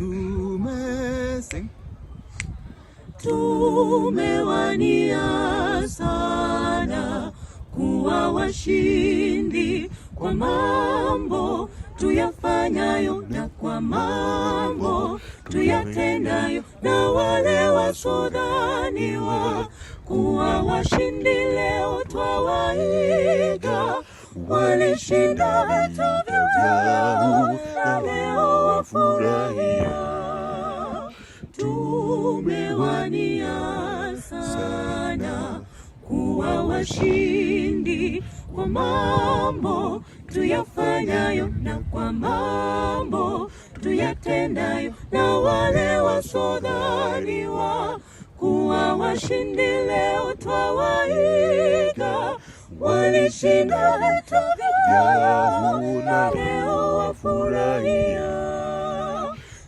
Tumesing. Tumewania sana kuwa washindi kwa mambo tuyafanyayo na kwa mambo tuyatendayo, na wale wasodhaniwa kuwa washindi leo twawaiga, walishinda vita umewania sana kuwa washindi kwa mambo tuyafanyayo na kwa mambo tuyatendayo, na wale wasodhaniwa kuwa washindi leo twawaiga, walishinda vita vyao